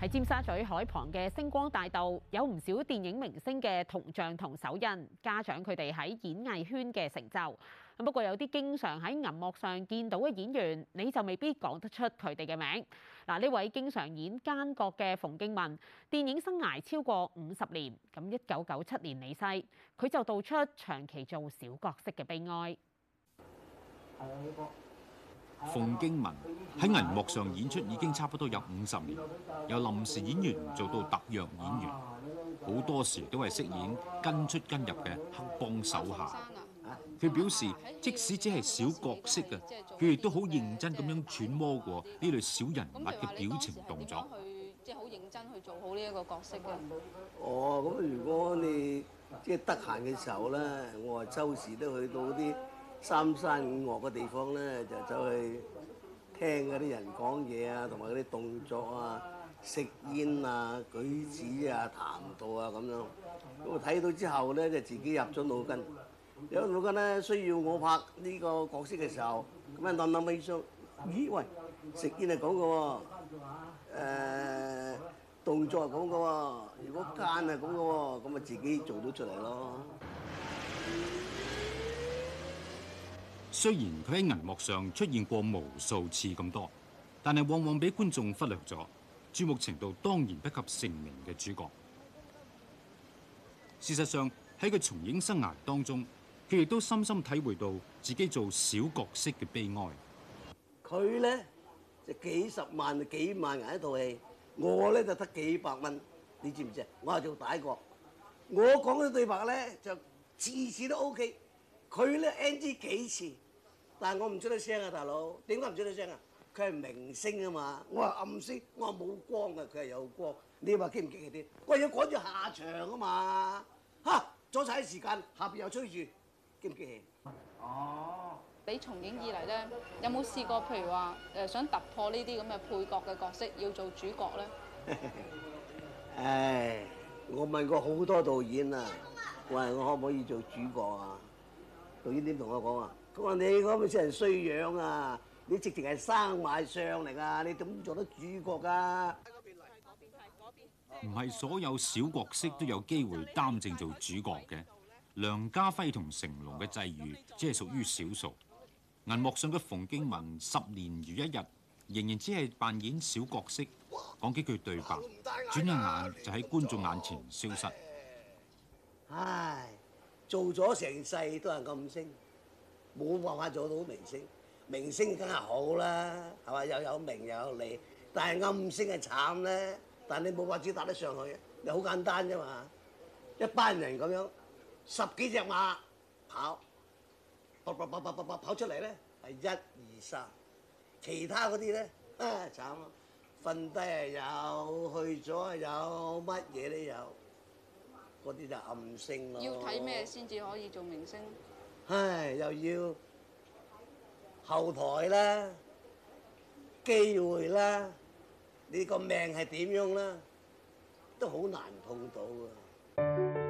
喺尖沙咀海旁嘅星光大道，有唔少電影明星嘅銅像同手印，嘉獎佢哋喺演藝圈嘅成就。不過有啲經常喺銀幕上見到嘅演員，你就未必講得出佢哋嘅名。嗱，呢位經常演奸角嘅馮敬文，電影生涯超過五十年，咁一九九七年離世，佢就道出長期做小角色嘅悲哀。啊。這個馮敬文喺銀幕上演出已經差不多有五十年，由臨時演員做到特約演員，好多時都係飾演跟出跟入嘅黑幫手下。佢表示，即使只係小角色嘅，佢亦都好認真咁樣揣摩過呢類小人物嘅表情動作。咁去，即係好認真去做好呢一個角色咧？哦，咁如果你即係得閒嘅時候咧，我話週時都去到啲三山五岳嘅地方咧，就走去聽嗰啲人講嘢啊，同埋嗰啲動作啊、食煙啊、舉止啊、談吐啊咁樣。咁我睇到之後咧，就自己入咗腦筋。有腦筋咧，需要我拍呢個角色嘅時候，咁啊諗諗起上，咦，喂，食煙係咁嘅喎，誒、呃、動作係咁嘅喎，如果奸係咁嘅喎，咁啊自己做到出嚟咯。雖然佢喺銀幕上出現過無數次咁多，但係往往俾觀眾忽略咗注目程度，當然不及成名嘅主角。事實上喺佢重影生涯當中，佢亦都深深體會到自己做小角色嘅悲哀呢。佢咧就幾十萬幾萬銀一套戲，我咧就得幾百蚊，你知唔知啊？我係做大角，我講嘅對白咧就次次都 OK，佢咧 NG 幾次。但係我唔出得聲啊，大佬點解唔出得聲啊？佢係明星啊嘛，我話暗星，我話冇光啊，佢係有光。你話激唔激氣啲？嗰啲趕住下場啊嘛，嚇阻曬啲時間，下邊又吹住，激唔激氣？哦，你從影以嚟咧，有冇試過譬如話誒想突破呢啲咁嘅配角嘅角色，要做主角咧？誒，我問過好多導演啊，喂，我可唔可以做主角啊？導演點同我講啊？你嗰個真係衰樣啊！你直情係生埋相嚟㗎，你點做得主角㗎啊？唔係所有小角色都有機會擔正做主角嘅。梁家輝同成龍嘅際遇只係屬於少數。銀幕上嘅馮敬文十年如一日，仍然只係扮演小角色，講幾句對白，轉眼眼就喺觀眾眼前消失。唉，做咗成世都係咁聲。冇辦法做到明星，明星梗係好啦，係嘛？又有名又有利，但係暗星係慘咧。但係你冇法子搭得上去，你好簡單啫嘛。一班人咁樣，十幾隻馬跑，跑跑跑跑跑跑跑出嚟咧，係一二三。其他嗰啲咧，啊慘，瞓低啊有，去咗啊有，乜嘢都有。嗰啲就暗星咯。要睇咩先至可以做明星？唉，又要後台啦，機會啦，你個命係點樣啦，都好難碰到啊。